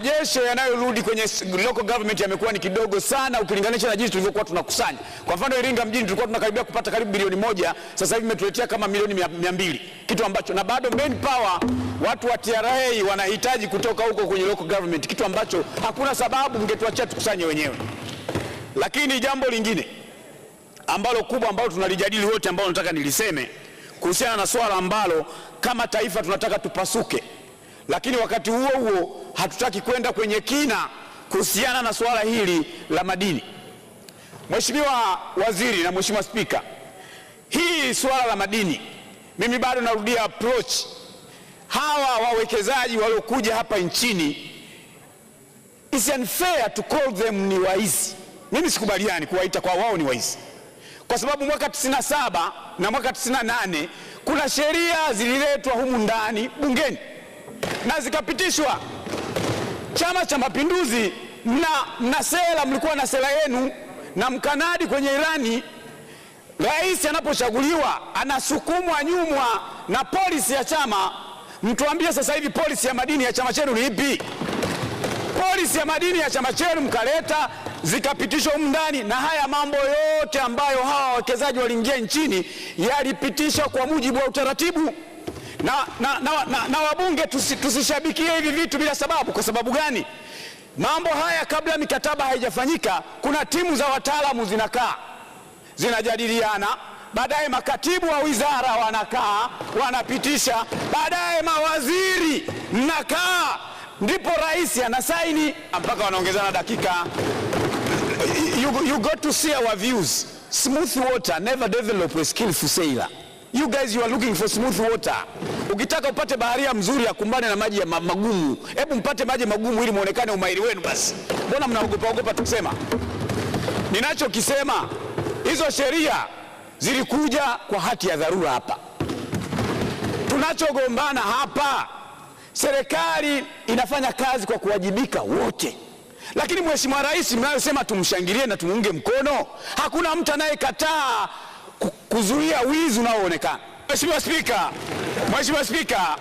Marejesho yanayorudi kwenye local government yamekuwa ni kidogo sana ukilinganisha na jinsi tulivyokuwa tunakusanya. Kwa mfano Iringa mjini tulikuwa tunakaribia kupata karibu bilioni moja, sasa hivi imetuletea kama milioni mia mbili, kitu ambacho na bado main power watu wa TRA wanahitaji kutoka huko kwenye local government, kitu ambacho hakuna sababu, mngetuachia tukusanye wenyewe. Lakini jambo lingine ambalo kubwa ambalo tunalijadili wote, ambalo nataka niliseme kuhusiana na swala ambalo kama taifa tunataka tupasuke lakini wakati huo huo hatutaki kwenda kwenye kina kuhusiana na suala hili la madini. Mheshimiwa Waziri na Mheshimiwa Spika, hii suala la madini, mimi bado narudia approach hawa wawekezaji waliokuja hapa nchini, is unfair to call them ni waizi. Mimi sikubaliani kuwaita kwa wao ni waizi, kwa sababu mwaka 97 na mwaka 98 kuna sheria zililetwa humu ndani bungeni na zikapitishwa. Chama cha Mapinduzi, mna, mna sera, mlikuwa na sera yenu na mkanadi kwenye ilani. Rais anapochaguliwa anasukumwa nyumwa na polisi ya chama. Mtuambie sasa hivi polisi ya madini ya chama chenu ni ipi? Polisi ya madini ya chama chenu mkaleta, zikapitishwa humu ndani, na haya mambo yote ambayo hawa wawekezaji waliingia nchini yalipitishwa kwa mujibu wa utaratibu na, na, na, na, na wabunge tusishabikie hivi vitu bila sababu. Kwa sababu gani? Mambo haya kabla mikataba haijafanyika, kuna timu za wataalamu zinakaa zinajadiliana, baadaye makatibu wa wizara wanakaa wanapitisha, baadaye mawaziri mnakaa, ndipo rais anasaini, mpaka wanaongezana dakika. You, you got to see our views. Smooth water never develop a skillful sailor. You guys you are looking for smooth water. Ukitaka upate baharia mzuri ya kumbane na maji ya magumu, hebu mpate maji magumu ili muonekane umahiri wenu basi. Mbona mnaogopa ogopa tukusema? Ninachokisema, hizo sheria zilikuja kwa hati ya dharura hapa. Tunachogombana hapa, serikali inafanya kazi kwa kuwajibika wote, lakini Mheshimiwa Rais mnayosema tumshangilie na tumuunge mkono, hakuna mtu anayekataa kuzuia wizi unaoonekana. Mheshimiwa Spika, Mheshimiwa Spika,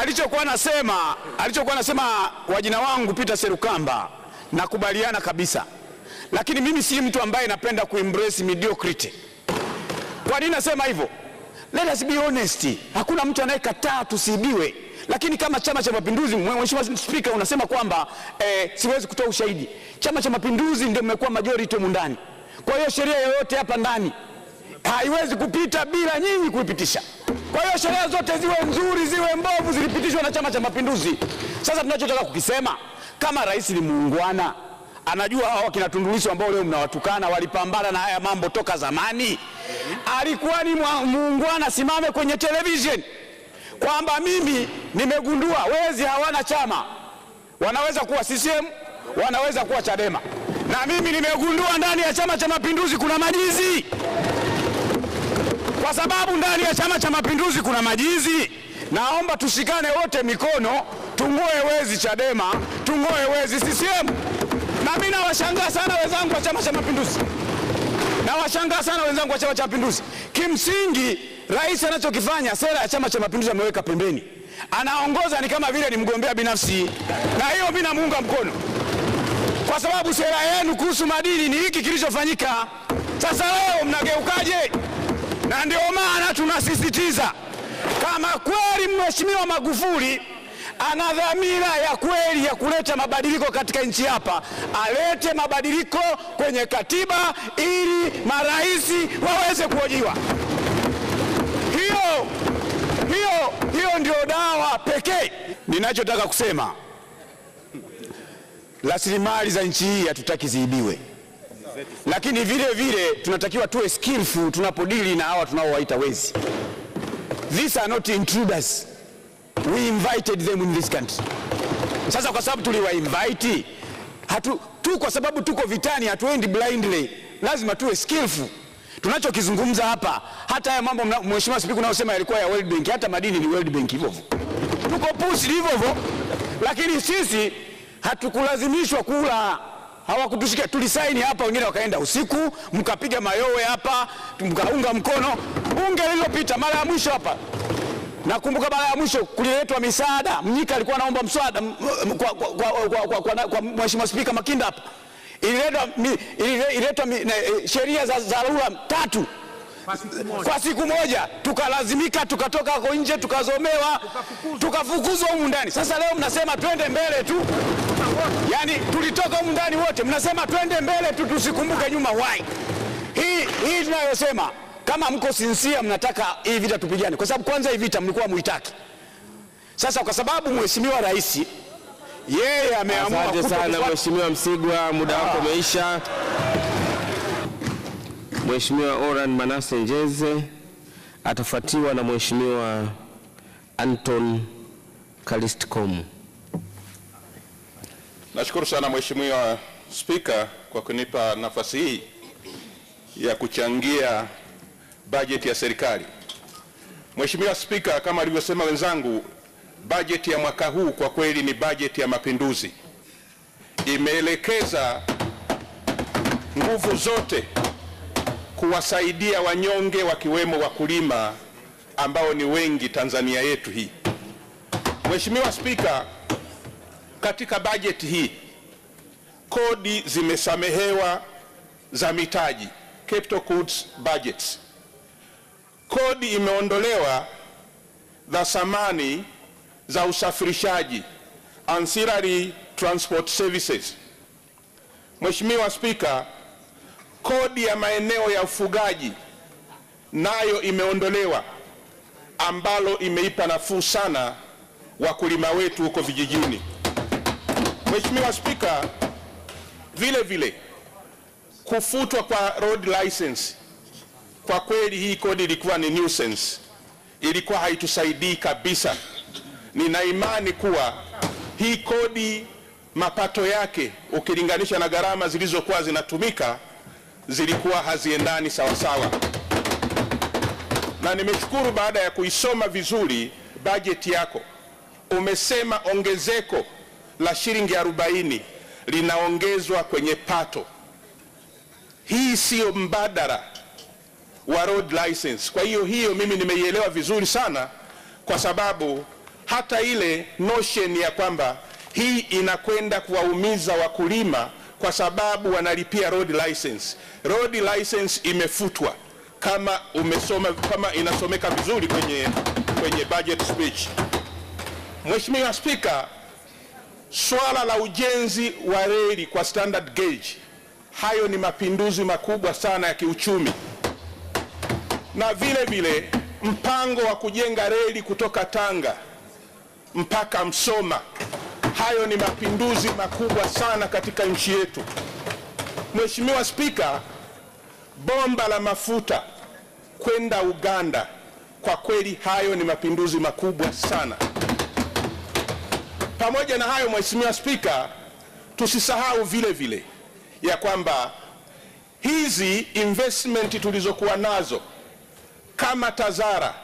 alichokuwa nasema alichokuwa nasema wajina wangu Peter Serukamba nakubaliana kabisa, lakini mimi si mtu ambaye napenda kuembrace mediocrity. Kwa nini nasema hivyo? Let us be honest, hakuna mtu anayekataa tusibiwe, lakini kama Chama cha Mapinduzi, Mheshimiwa Spika, unasema kwamba eh, siwezi kutoa ushahidi. Chama cha Mapinduzi ndio mmekuwa majority humu ndani, kwa hiyo sheria yoyote hapa ndani haiwezi kupita bila nyinyi kuipitisha. Kwa hiyo sheria zote ziwe nzuri ziwe mbovu, zilipitishwa na Chama cha Mapinduzi. Sasa tunachotaka kukisema, kama rais ni muungwana, anajua hawa kina Tundu Lissu ambao leo mnawatukana walipambana na haya mambo toka zamani. Alikuwa ni muungwana, simame kwenye television kwamba mimi nimegundua wezi hawana chama, wanaweza kuwa CCM, wanaweza kuwa Chadema, na mimi nimegundua ndani ya Chama cha Mapinduzi kuna majizi. Kwa sababu ndani ya Chama cha Mapinduzi kuna majizi. Naomba tushikane wote mikono, tungoe wezi Chadema, tungoe wezi CCM. Na mimi nawashangaa sana wenzangu wa Chama cha Mapinduzi, nawashangaa sana wenzangu wa Chama cha Mapinduzi. Kimsingi, rais anachokifanya, sera ya Chama cha Mapinduzi ameweka pembeni, anaongoza ni kama vile ni mgombea binafsi, na hiyo mimi namuunga mkono kwa sababu sera yenu kuhusu madini ni hiki kilichofanyika. Sasa leo mnageukaje? na ndio maana tunasisitiza kama kweli Mheshimiwa Magufuli ana dhamira ya kweli ya kuleta mabadiliko katika nchi hapa, alete mabadiliko kwenye katiba ili marais waweze kuhojiwa. Hiyo, hiyo, hiyo ndio dawa pekee. Ninachotaka kusema rasilimali za nchi hii hatutaki ziibiwe lakini vile vile tunatakiwa tuwe skillful tunapodili na hawa tunaowaita wezi. These are not intruders, we invited them in this country. Sasa kwa sababu tuliwainvite hatu tu, kwa sababu tuko vitani, hatuendi blindly, lazima tuwe skillful tunachokizungumza hapa. Hata haya mambo Mheshimiwa Spika unayosema yalikuwa ya World Bank, hata madini ni World Bank hivyo hivyo, tuko push hivyo hivyo, lakini sisi hatukulazimishwa kula hawakutushika, tulisaini hapa, wengine wakaenda usiku, mkapiga mayowe hapa, mkaunga mkono bunge lililopita mara ya mwisho hapa. Nakumbuka mara ya mwisho kuliletwa misaada, Mnyika alikuwa anaomba mswada kwa, kwa, kwa, kwa, kwa, kwa, kwa Mheshimiwa Spika Makinda hapa, ililetwa eh, sheria za dharura tatu kwa siku moja, tukalazimika tukatoka huko nje, tukazomewa, tukafukuzwa humu ndani. Sasa leo mnasema twende mbele tu yani tulitoka humu ndani wote, mnasema twende mbele tu tusikumbuke nyuma. Why hii hii tunayosema? Kama mko sinsia, mnataka hii vita tupigane, kwa sababu kwanza hii vita mlikuwa muitaki. Sasa kwa sababu mheshimiwa rais yeye ameamua. Asante sana mheshimiwa Msigwa, muda wako ah. umeisha. Mheshimiwa Oran Manase Njeze atafuatiwa na mheshimiwa Anton Kalistkomu. Nashukuru sana Mheshimiwa Spika kwa kunipa nafasi hii ya kuchangia bajeti ya serikali. Mheshimiwa Spika, kama alivyosema wenzangu, bajeti ya mwaka huu kwa kweli ni bajeti ya mapinduzi. Imeelekeza nguvu zote kuwasaidia wanyonge wakiwemo wakulima ambao ni wengi Tanzania yetu hii. Mheshimiwa Spika, katika bajeti hii kodi zimesamehewa za mitaji, capital goods budgets. Kodi imeondolewa za samani za usafirishaji, ancillary transport services. Mheshimiwa Spika, kodi ya maeneo ya ufugaji nayo imeondolewa, ambalo imeipa nafuu sana wakulima wetu huko vijijini. Mheshimiwa Spika, vile vile kufutwa kwa road license, kwa kweli hii kodi ilikuwa ni nuisance, ilikuwa haitusaidii kabisa. Nina imani kuwa hii kodi mapato yake ukilinganisha na gharama zilizokuwa zinatumika zilikuwa haziendani sawasawa, na nimeshukuru baada ya kuisoma vizuri bajeti yako umesema ongezeko la shilingi 40 linaongezwa kwenye pato. Hii siyo mbadala wa road license. Kwa hiyo hiyo mimi nimeielewa vizuri sana, kwa sababu hata ile notion ya kwamba hii inakwenda kuwaumiza wakulima kwa sababu wanalipia road license. Road license imefutwa kama umesoma, kama inasomeka vizuri kwenye, kwenye budget speech. Mheshimiwa Spika, Swala la ujenzi wa reli kwa standard gauge, hayo ni mapinduzi makubwa sana ya kiuchumi, na vile vile mpango wa kujenga reli kutoka Tanga mpaka Msoma, hayo ni mapinduzi makubwa sana katika nchi yetu. Mheshimiwa Spika, bomba la mafuta kwenda Uganda, kwa kweli hayo ni mapinduzi makubwa sana. Pamoja na hayo, Mheshimiwa Spika, tusisahau vile vile ya kwamba hizi investment tulizokuwa nazo kama Tazara,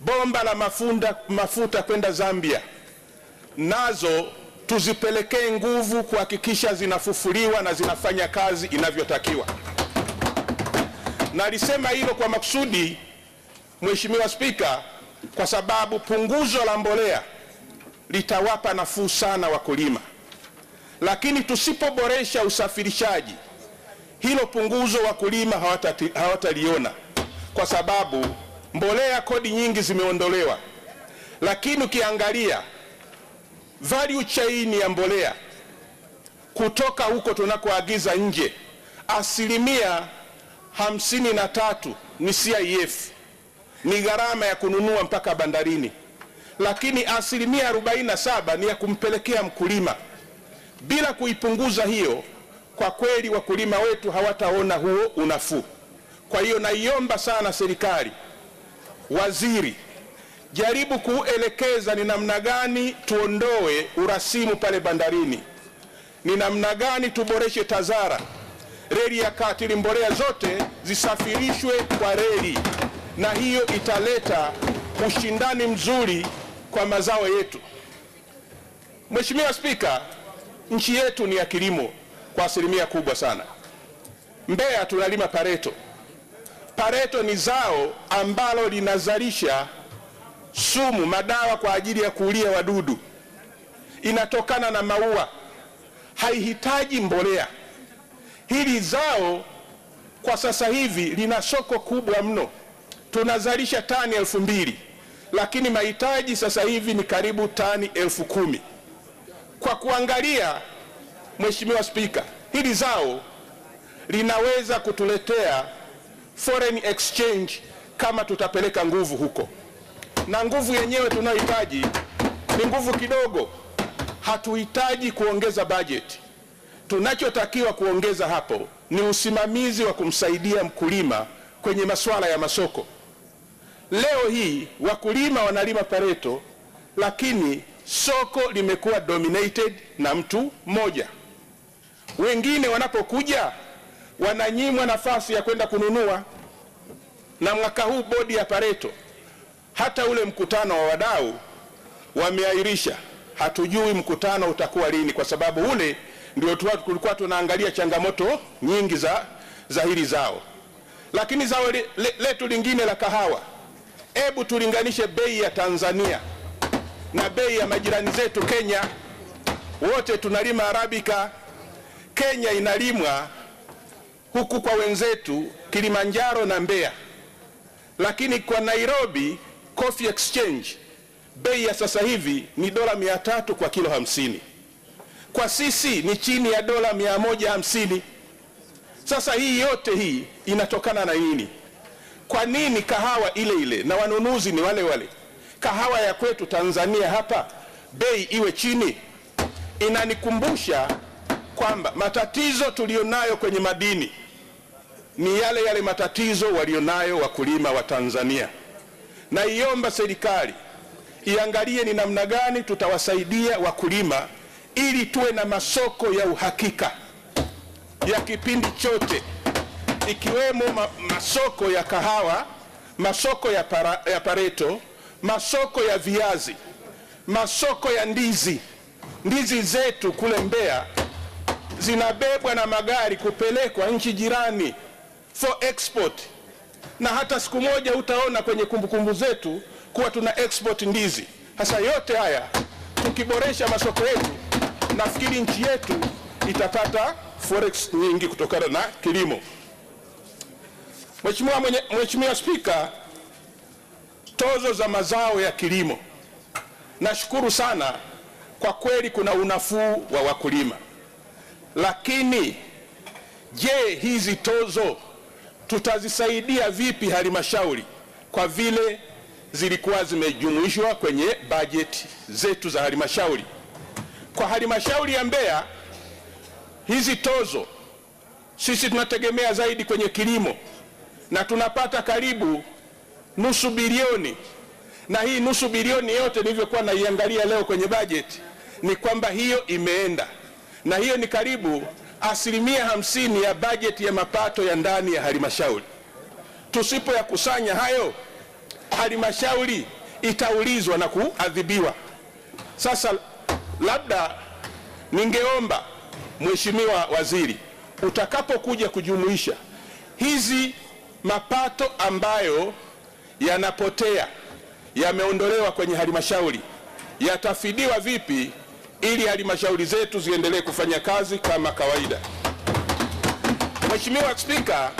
bomba la mafunda, mafuta kwenda Zambia, nazo tuzipelekee nguvu kuhakikisha zinafufuliwa na zinafanya kazi inavyotakiwa. Nalisema hilo kwa makusudi, Mheshimiwa Spika, kwa sababu punguzo la mbolea litawapa nafuu sana wakulima, lakini tusipoboresha usafirishaji, hilo punguzo wakulima hawataliona, kwa sababu mbolea kodi nyingi zimeondolewa, lakini ukiangalia value chain ya mbolea kutoka huko tunakoagiza nje, asilimia hamsini na tatu ni CIF, ni gharama ya kununua mpaka bandarini lakini asilimia 47 ni ya kumpelekea mkulima. Bila kuipunguza hiyo, kwa kweli wakulima wetu hawataona huo unafuu. Kwa hiyo naiomba sana serikali, waziri, jaribu kuelekeza ni namna gani tuondoe urasimu pale bandarini, ni namna gani tuboreshe TAZARA, reli ya kati ili mbolea zote zisafirishwe kwa reli, na hiyo italeta ushindani mzuri kwa mazao yetu. Mheshimiwa Spika, nchi yetu ni ya kilimo kwa asilimia kubwa sana. Mbeya tunalima pareto. Pareto ni zao ambalo linazalisha sumu, madawa kwa ajili ya kuulia wadudu, inatokana na maua, haihitaji mbolea. Hili zao kwa sasa hivi lina soko kubwa mno, tunazalisha tani elfu mbili lakini mahitaji sasa hivi ni karibu tani elfu kumi. Kwa kuangalia, Mheshimiwa Spika, hili zao linaweza kutuletea foreign exchange kama tutapeleka nguvu huko, na nguvu yenyewe tunayohitaji ni nguvu kidogo. Hatuhitaji kuongeza bajeti, tunachotakiwa kuongeza hapo ni usimamizi wa kumsaidia mkulima kwenye masuala ya masoko. Leo hii wakulima wanalima pareto, lakini soko limekuwa dominated na mtu mmoja. Wengine wanapokuja wananyimwa nafasi ya kwenda kununua. Na mwaka huu bodi ya pareto hata ule mkutano wa wadau wameahirisha, hatujui mkutano utakuwa lini, kwa sababu ule ndio tulikuwa tunaangalia changamoto nyingi za, za hili zao. Lakini zao letu lingine la kahawa Hebu tulinganishe bei ya Tanzania na bei ya majirani zetu Kenya. Wote tunalima arabika, Kenya inalimwa huku kwa wenzetu Kilimanjaro na Mbeya, lakini kwa Nairobi Coffee Exchange bei ya sasa hivi ni dola mia tatu kwa kilo hamsini. Kwa sisi ni chini ya dola mia moja hamsini. Sasa hii yote hii inatokana na nini? Kwa nini kahawa ile ile na wanunuzi ni wale wale? Kahawa ya kwetu Tanzania hapa bei iwe chini? Inanikumbusha kwamba matatizo tuliyonayo kwenye madini ni yale yale matatizo walionayo wakulima wa Tanzania. Naiomba serikali iangalie ni namna gani tutawasaidia wakulima ili tuwe na masoko ya uhakika ya kipindi chote ikiwemo ma, masoko ya kahawa, masoko ya, para, ya pareto, masoko ya viazi, masoko ya ndizi. Ndizi zetu kule Mbeya zinabebwa na magari kupelekwa nchi jirani for export, na hata siku moja utaona kwenye kumbukumbu -kumbu zetu kuwa tuna export ndizi. Sasa yote haya tukiboresha masoko yetu, nafikiri nchi yetu itapata forex nyingi kutokana na kilimo. Mheshimiwa mwenye, Mheshimiwa Spika, tozo za mazao ya kilimo, nashukuru sana kwa kweli, kuna unafuu wa wakulima, lakini je, hizi tozo tutazisaidia vipi halmashauri kwa vile zilikuwa zimejumuishwa kwenye bajeti zetu za halmashauri. Kwa halmashauri ya Mbeya, hizi tozo sisi tunategemea zaidi kwenye kilimo na tunapata karibu nusu bilioni, na hii nusu bilioni yote nilivyokuwa naiangalia leo kwenye bajeti ni kwamba hiyo imeenda, na hiyo ni karibu asilimia hamsini ya bajeti ya mapato ya ndani ya halmashauri. Tusipoyakusanya hayo, halmashauri itaulizwa na kuadhibiwa. Sasa labda ningeomba Mheshimiwa Waziri, utakapokuja kujumuisha hizi mapato ambayo yanapotea yameondolewa kwenye halmashauri yatafidiwa vipi ili halmashauri zetu ziendelee kufanya kazi kama kawaida. Mheshimiwa Spika,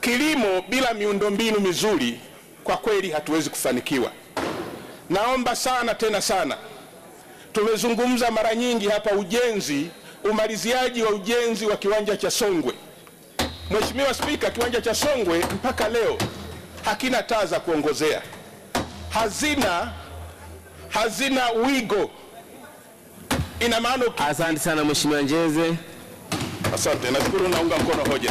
kilimo bila miundombinu mizuri kwa kweli hatuwezi kufanikiwa. Naomba sana tena sana, tumezungumza mara nyingi hapa ujenzi, umaliziaji wa ujenzi wa kiwanja cha Songwe Mheshimiwa Spika, kiwanja cha Songwe mpaka leo hakina taa za kuongozea, hazina hazina wigo. Ina maana. Asante sana Mheshimiwa Njeze. Asante, nashukuru, naunga mkono hoja.